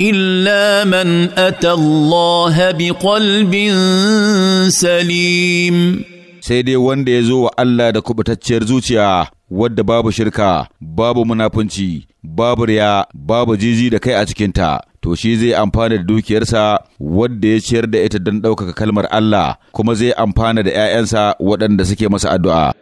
الا من اتى الله بقلب سليم sai dai wanda ya zo wa Allah da kubutacciyar zuciya wadda babu shirka babu munafunci babu riya babu jiji da kai a cikinta to shi zai amfana da dukiyarsa wadda ya ciyar da ita don ɗaukaka kalmar Allah kuma zai amfana da 'ya'yansa waɗanda suke masa addu'a